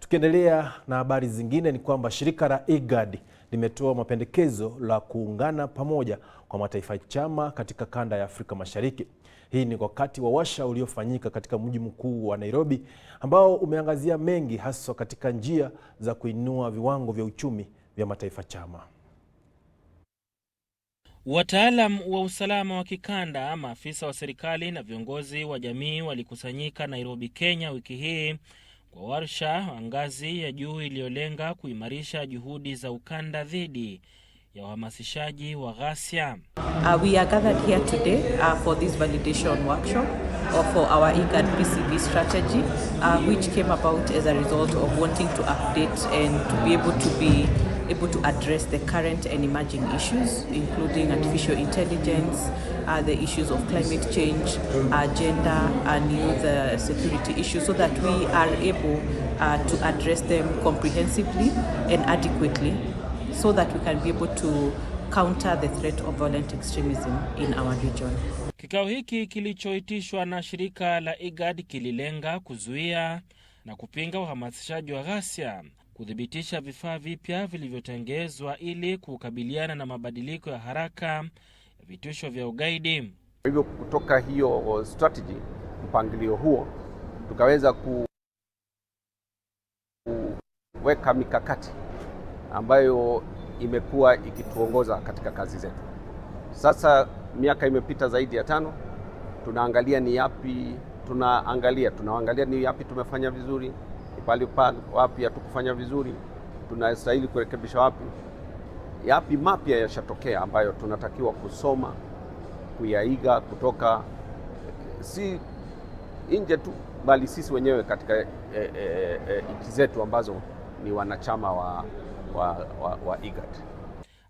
Tukiendelea na habari zingine ni kwamba shirika la IGAD limetoa mapendekezo la kuungana pamoja kwa mataifa chama katika kanda ya Afrika Mashariki. Hii ni wakati wa washa uliofanyika katika mji mkuu wa Nairobi ambao umeangazia mengi haswa katika njia za kuinua viwango vya uchumi vya mataifa chama. Wataalam wa usalama wa kikanda, maafisa wa serikali na viongozi wa jamii walikusanyika Nairobi, Kenya wiki hii kwa warsha wa ngazi ya juu iliyolenga kuimarisha juhudi za ukanda dhidi ya uhamasishaji wa ghasia. Uh, uh or for our IGAD PCB strategy uh, which came about as a result of wanting to update and to be able to be able to address the current and emerging issues, including artificial intelligence, uh, the issues of climate change, uh, gender, and youth uh, security issues, so that we are able uh, to address them comprehensively and adequately, so that we can be able to counter the threat of violent extremism in our region. Kikao hiki kilichoitishwa na shirika la IGAD kililenga kuzuia na kupinga uhamasishaji wa ghasia kuthibitisha vifaa vipya vilivyotengezwa ili kukabiliana na mabadiliko ya haraka ya vitisho vya ugaidi. Kwa hivyo kutoka hiyo uh, strategy, mpangilio huo, tukaweza kuweka mikakati ambayo imekuwa ikituongoza katika kazi zetu. Sasa miaka imepita zaidi ya tano, tunaangalia ni yapi tunaangalia tunaangalia ni yapi tumefanya vizuri pale pale, wapi hatukufanya vizuri, tunastahili kurekebisha wapi, yapi mapya yashatokea ambayo tunatakiwa kusoma, kuyaiga kutoka si nje tu, bali sisi wenyewe katika e, e, e, nchi zetu ambazo ni wanachama wa, wa, wa, wa IGAD.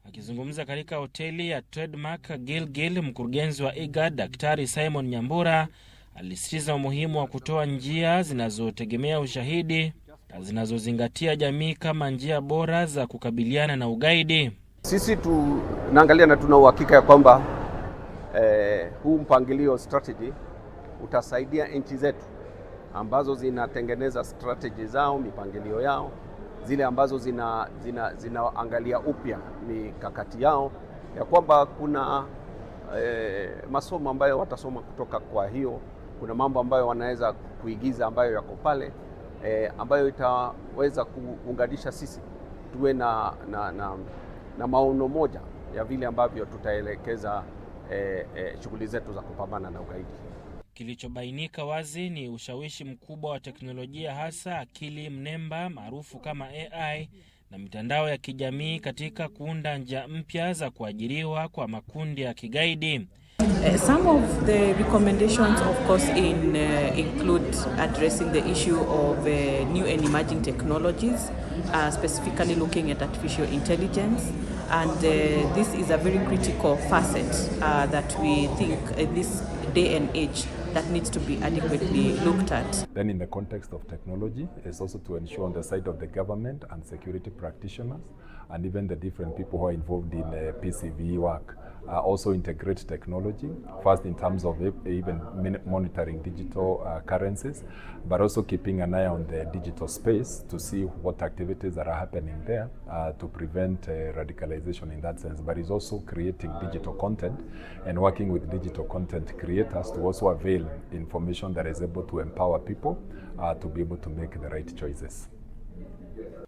Akizungumza katika hoteli ya Trademark Gilgil, mkurugenzi wa IGAD Daktari Simon Nyambura alisitiza umuhimu wa kutoa njia zinazotegemea ushahidi na zinazozingatia jamii kama njia bora za kukabiliana na ugaidi. Sisi tunaangalia na tuna uhakika ya kwamba eh, huu mpangilio strategy utasaidia nchi zetu ambazo zinatengeneza strategy zao, mipangilio yao, zile ambazo zinaangalia zina, zina upya mikakati yao ya kwamba kuna eh, masomo ambayo watasoma kutoka kwa hiyo kuna mambo ambayo wanaweza kuigiza ambayo yako pale e, ambayo itaweza kuunganisha sisi tuwe na, na, na, na maono moja ya vile ambavyo tutaelekeza e, e, shughuli zetu za kupambana na ugaidi. Kilichobainika wazi ni ushawishi mkubwa wa teknolojia hasa akili mnemba maarufu kama AI na mitandao ya kijamii katika kuunda njia mpya za kuajiriwa kwa makundi ya kigaidi. Uh, some of the recommendations, of course, in, uh, include addressing the issue of uh, new and emerging technologies, uh, specifically looking at artificial intelligence. And uh, this is a very critical facet uh, that we think in this day and age that needs to be adequately looked at. Then in the context of technology, is also to ensure on the side of the government and security practitioners and even the different people who are involved in uh, PCV work uh, also integrate technology, first in terms of e-, even monitoring digital uh, currencies, but also keeping an eye on the digital space to see what activities are happening there uh, to prevent uh, radicalization in that sense. But it's also creating digital content and working with digital content creators to also avail information, information that is able to empower people uh, to be able to make the right choices.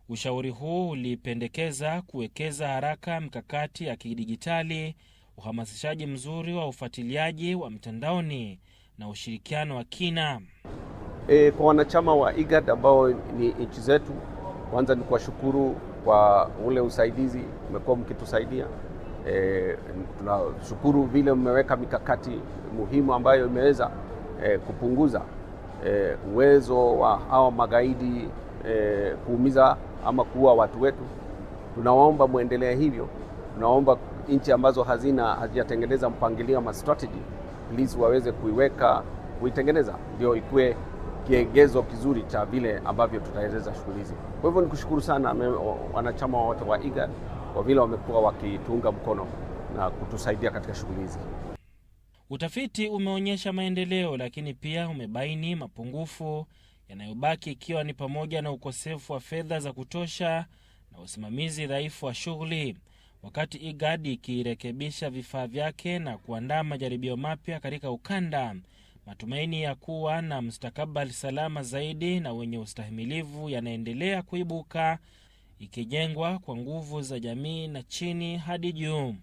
Ushauri huu ulipendekeza kuwekeza haraka mkakati ya kidijitali, uhamasishaji mzuri wa ufuatiliaji wa mtandaoni na ushirikiano wa kina. E, kwa wanachama wa IGAD ambao ni nchi zetu, kwanza ni kuwashukuru kwa ule usaidizi mmekuwa mkitusaidia. E, tunashukuru vile mmeweka mikakati muhimu ambayo imeweza eh, kupunguza eh, uwezo wa hawa magaidi eh, kuumiza ama kuua watu wetu. Tunawaomba mwendelee hivyo. Tunaomba nchi ambazo hazina hazijatengeneza mpangilio ama strategy, please waweze kuiweka kuitengeneza, ndio ikuwe kiegezo kizuri cha vile ambavyo tutaeleza shughuli hizi. Kwa hivyo nikushukuru sana wanachama wote wa IGAD kwa vile wamekuwa wakituunga mkono na kutusaidia katika shughuli hizi. Utafiti umeonyesha maendeleo, lakini pia umebaini mapungufu yanayobaki, ikiwa ni pamoja na ukosefu wa fedha za kutosha na usimamizi dhaifu wa shughuli. Wakati IGAD ikirekebisha vifaa vyake na kuandaa majaribio mapya katika ukanda, matumaini ya kuwa na mustakabali salama zaidi na wenye ustahimilivu yanaendelea kuibuka, ikijengwa kwa nguvu za jamii na chini hadi juu.